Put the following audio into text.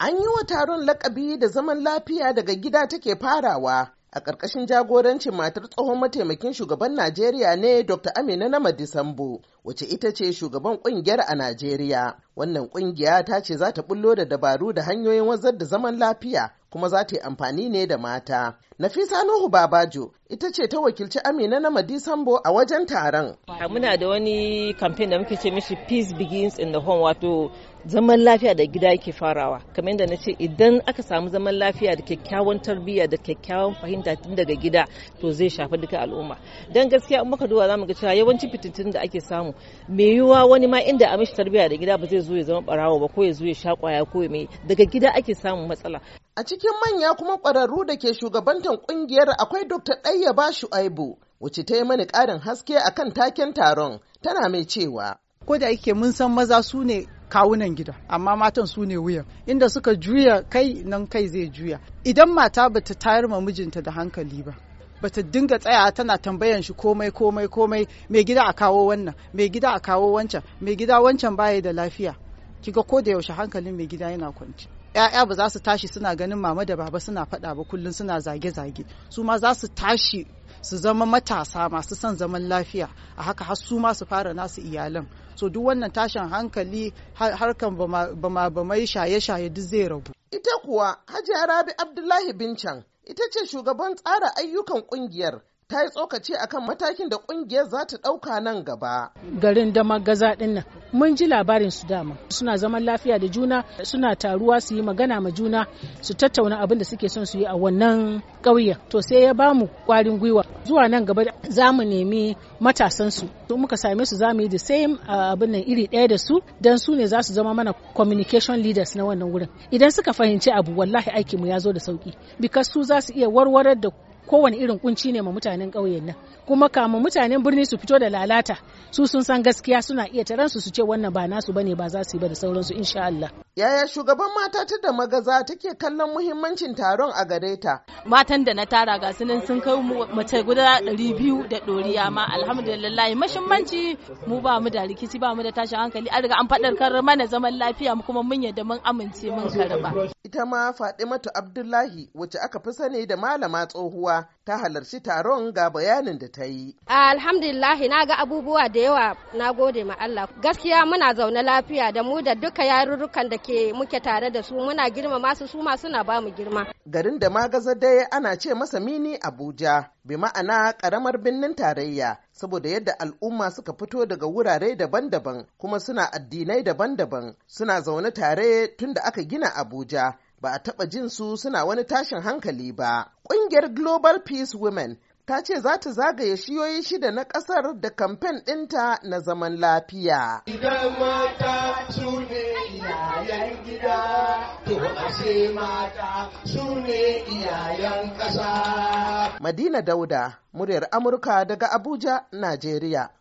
An yi wa taron lakabi da zaman lafiya daga gida take farawa a ƙarƙashin jagorancin matar tsohon mataimakin shugaban Najeriya ne Dr. Amina na Disambo, wacce ita ce shugaban kungiyar a Najeriya. Wannan kungiya ta ce za ta bullo da dabaru da hanyoyin wanzar da zaman lafiya kuma za ta yi amfani ne da mata. Nafisa Nuhu Babajo ita ce ta wakilci Amina na Madisambo a wajen taron. Muna da wani kamfen da muke ce mishi Peace Begins in the Home wato zaman lafiya da gida yake farawa. Kamar yadda na ce idan aka samu zaman lafiya da kyakkyawan tarbiyya da kyakkyawan fahimta tun daga gida to zai shafi duka al'umma. Dan gaskiya in muka duba mu ga cewa yawancin fitintun da ake samu mai yiwuwa wani ma inda a mishi tarbiyya da gida ba zai zo ya zama barawo ba ko ya zo ya sha kwaya ko ya mai daga gida ake samun matsala a cikin manya kuma ƙwararru da ke shugabantar ƙungiyar akwai dr ɗayyaba shu'aibu wacce ta yi mani ƙarin haske akan taken taron tana mai cewa ko da yake mun san maza su ne kawunan gida amma matan su ne wuyan inda suka juya kai nan kai zai juya idan mata bata tayar ma mijinta da hankali ba bata dinga tsaya tana tambayan shi komai komai komai mai gida a kawo wannan mai gida a kawo wancan mai gida wancan baya da lafiya kiga ko da yaushe hankalin mai gida yana kwanci ‘ya'ya ba za su tashi suna ganin mama da baba suna faɗa ba kullum suna zage-zage su ma za su tashi su zama matasa masu son zaman lafiya a haka har su ma su fara nasu iyalan so duk wannan tashin hankali harkan bama mai shaye-shaye duk zai rabu ita kuwa hajiya rabi abdullahi bincan ita ce shugaban tsara ayyukan kungiyar ta yi tsokaci akan matakin da kungiyar za ta ɗauka nan gaba. Garin da magaza ɗin nan mun ji labarin su dama suna zaman lafiya da juna suna taruwa su yi magana ma juna su tattauna abin da suke son su yi a wannan ƙauyen to sai ya bamu ƙwarin gwiwa zuwa nan gaba za mu nemi matasan su to muka same su za mu yi the same abin nan iri ɗaya da su dan su ne za su zama mana communication leaders na wannan wurin idan suka fahimci abu wallahi aikinmu ya zo da sauki because su za su iya warwarar da kowane irin kunci ne ma mutanen ƙauyen nan kuma kama mutanen birni su fito da lalata su sun san gaskiya suna iya taransu su ce wannan ba nasu bane ba za su yi ba da sauransu insha Allah Yaya shugaban mata ta da magaza take kallon muhimmancin taron a gare ta? Matan da na tara ga sunan sun kai mace guda ɗari biyu da ɗoriya ma alhamdulillah mashimmanci. mu ba mu da rikici ba mu da tashin hankali an riga an kar mana zaman lafiya mu kuma mun yadda mun amince mun karba. Ita ma Fadimatu Abdullahi wacce aka fi sani da malama tsohuwa ta halarci taron ga bayanin da ta yi. Alhamdulillah na ga abubuwa da yawa na gode ma Allah. Gaskiya muna zaune lafiya da mu da duka yarurrukan da ke muke tare da su muna girma masu su ma suna bamu girma. Garin da magaza dai ana ce masa mini Abuja bi ma'ana karamar birnin tarayya saboda yadda al'umma suka fito daga wurare daban-daban kuma suna addinai daban-daban suna zaune tare tun da aka gina Abuja. ba a taɓa jin su suna wani tashin hankali ba. Ƙungiyar Global Peace Women ta ce za ta zagaye shiyoyi shida na ƙasar da kamfen ɗinta na zaman lafiya. Idan mata su ne iyayen gida, to ashe mata su ne iyayen ƙasa. Madina Dauda, muryar Amurka daga Abuja, Najeriya.